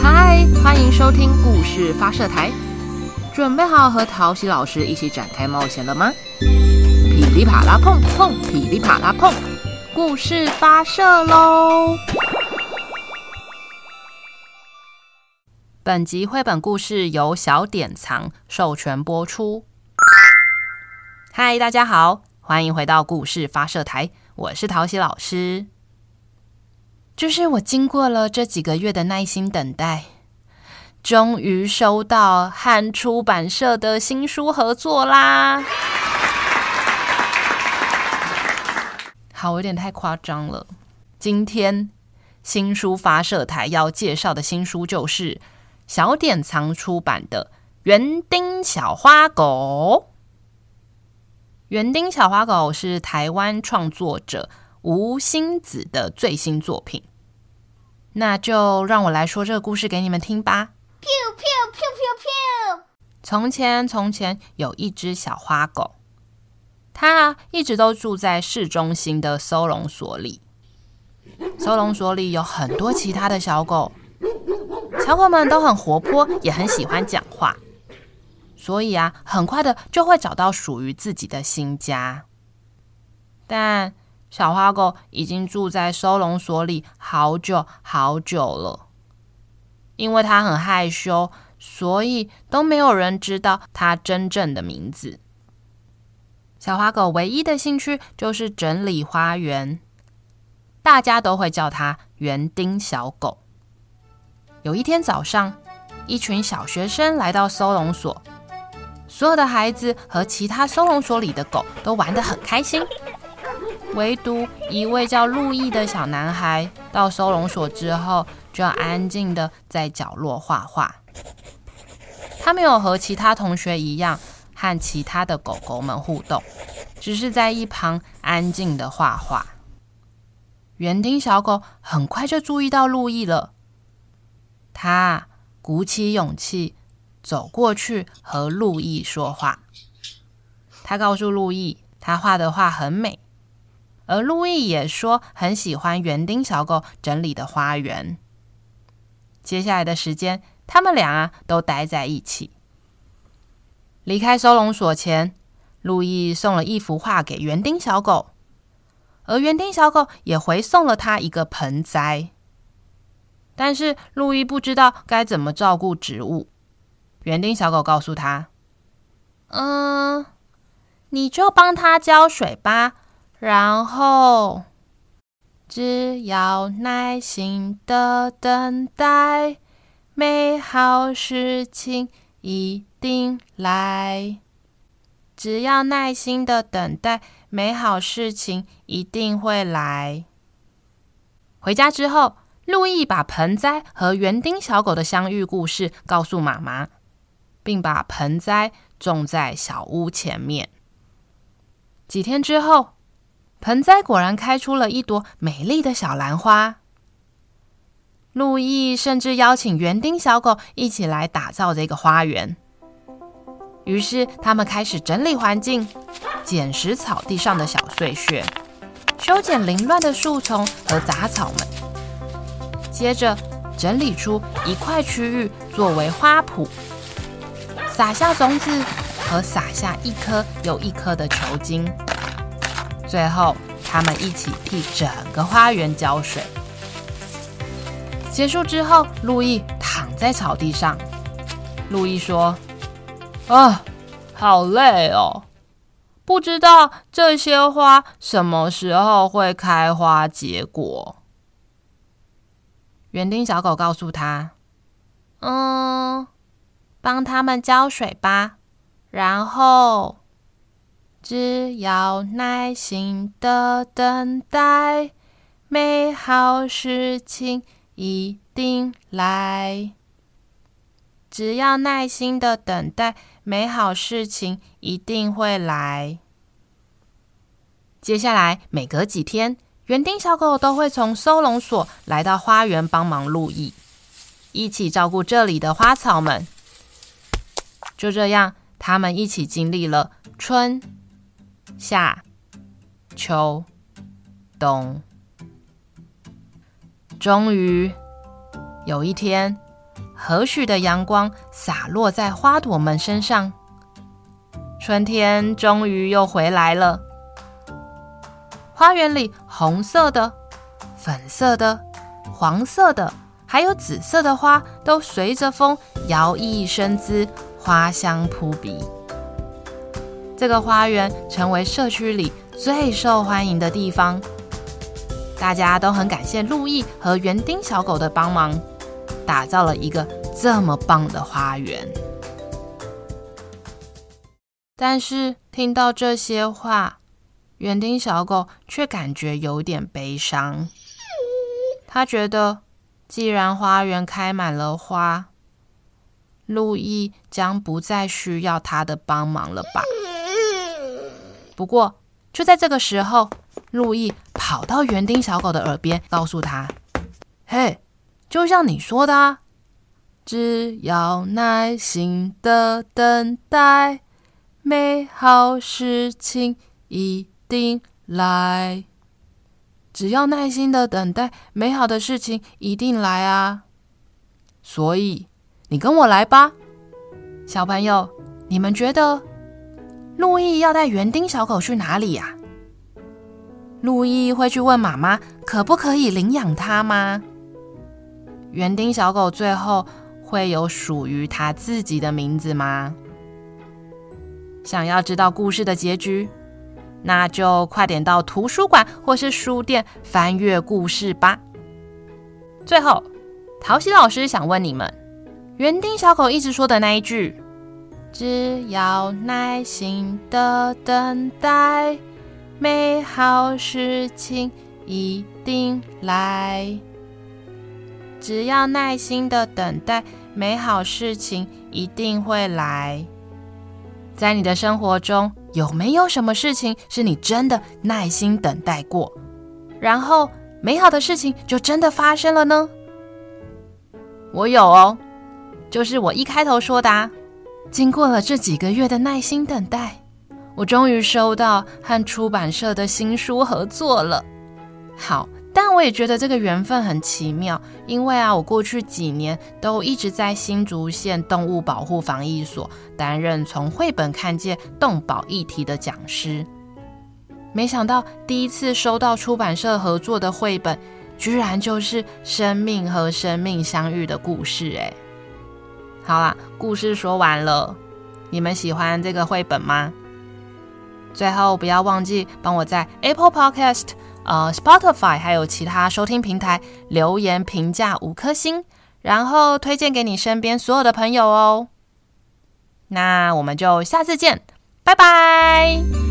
嗨，歡迎收聽故事發射台，準備好和淘喜老師一起展開冒險了嗎？噼裡啪啦碰碰，噼裡啪啦碰，故事發射嘍！本集繪本故事由小典藏授權播出。嗨，大家好，歡迎回到故事發射台，我是淘喜老師。就是我經過了這幾個月的耐心等待，終於收到和出版社的新書合作啦！ 好，我有點太誇張了。今天新書發射台要介紹的新書就是小典藏出版的《園丁小花狗》。《園丁小花狗》是台灣創作者。吳星子的最新作品，那就讓我來說這個故事給你們聽吧。從前從前有一隻小花狗它、啊，它一直都住在市中心的收容所裡。收容所裡有很多其他的小狗，小狗們都很活潑，也很喜歡講話，所以啊，很快的就會找到屬於自己的新家。但小花狗已經住在收容所裡好久好久了，因為它很害羞，所以都沒有人知道它真正的名字。小花狗唯一的興趣就是整理花園，大家都會叫它“園丁小狗”。有一天早上，一群小學生來到收容所，所有的孩子和其他收容所裡的狗都玩得很開心。唯獨一位叫路易的小男孩到收容所之後，就要安靜的在角落畫畫。他沒有和其他同學一樣和其他的狗狗們互動，只是在一旁安靜的畫畫。園丁小狗很快就注意到路易了，他鼓起勇氣走過去和路易說話。他告訴路易，他畫的畫很美。而路易也說很喜歡園丁小狗整理的花園。接下來的時間，他們倆啊，都待在一起。離開收容所前，路易送了一幅畫給園丁小狗，而園丁小狗也回送了他一個盆栽。但是路易不知道該怎麼照顧植物，園丁小狗告訴他：“嗯，你就幫他澆水吧。”然後，只要耐心的等待，美好事情一定來。只要耐心的等待，美好事情一定會來。回家之後，路易把盆栽和園丁小狗的相遇故事告訴媽媽，並把盆栽種在小屋前面。幾天之後。盆栽果然開出了一朵美麗的小蘭花。路易甚至邀請園丁小狗一起來打造這個花園。於是，他們開始整理環境，撿拾草地上的小碎屑，修剪凌亂的樹叢和雜草們。接着，整理出一塊區域作為花圃，撒下種子和撒下一顆又一顆的球莖。最後，他們一起替整個花園澆水。結束之後，路易躺在草地上。路易說：“啊，好累哦！不知道這些花什麼時候會開花結果。”園丁小狗告訴他：“嗯，幫他們澆水吧，然後。”只要耐心的等待，美好事情一定來。只要耐心的等待，美好事情一定會來。接下來，每隔幾天，園丁小狗都會從收容所來到花園幫忙錄影，一起照顧這裡的花草們。就這樣，他們一起經歷了春夏、秋、冬。終於有一天，和煦的陽光灑落在花朵們身上，春天終於又回來了。花園裡，紅色的、粉色的、黃色的，還有紫色的花，都隨着風搖曳生姿，花香撲鼻。這個花園成為社區裡最受歡迎的地方，大家都很感謝路易和園丁小狗的幫忙，打造了一個這麼棒的花園。但是聽到這些話，園丁小狗卻感覺有點悲傷。他覺得，既然花園開滿了花，路易將不再需要他的幫忙了吧？不過，就在這個時候，路易跑到園丁小狗的耳邊，告訴他：“嘿，hey，就像你說的啊，只要耐心的等待，美好事情一定來。只要耐心的等待，美好的事情一定來啊！所以，你跟我來吧，小朋友，你們覺得？”路易要帶園丁小狗去哪裡呀？路易會去問媽媽可不可以領養它嗎？園丁小狗最後會有屬於它自己的名字嗎？想要知道故事的結局，那就快點到圖書館或是書店翻閱故事吧。最後，淘喜老師想問你們：園丁小狗一直說的那一句。只要耐心的等待，美好事情一定來。只要耐心的等待，美好事情一定會來。在你的生活中，有沒有什麼事情是你真的耐心等待過，然後美好的事情就真的發生了呢？我有哦，就是我一開頭說的啊。經過了這幾個月的耐心等待，我終於收到和出版社的新書合作了。好，但我也覺得這個緣分很奇妙，因為啊，我過去幾年都一直在新竹縣動物保護防疫所擔任從繪本看見動保議題的講師，沒想到第一次收到出版社合作的繪本，居然就是《生命和生命相遇的故事》哎。好啦，故事說完了。你們喜歡這個繪本嗎？最後不要忘記幫我在 Apple Podcast、呃、Spotify 還有其他收聽平台留言評價五顆星，然後推薦給你身邊所有的朋友哦。那我們就下次見，拜拜。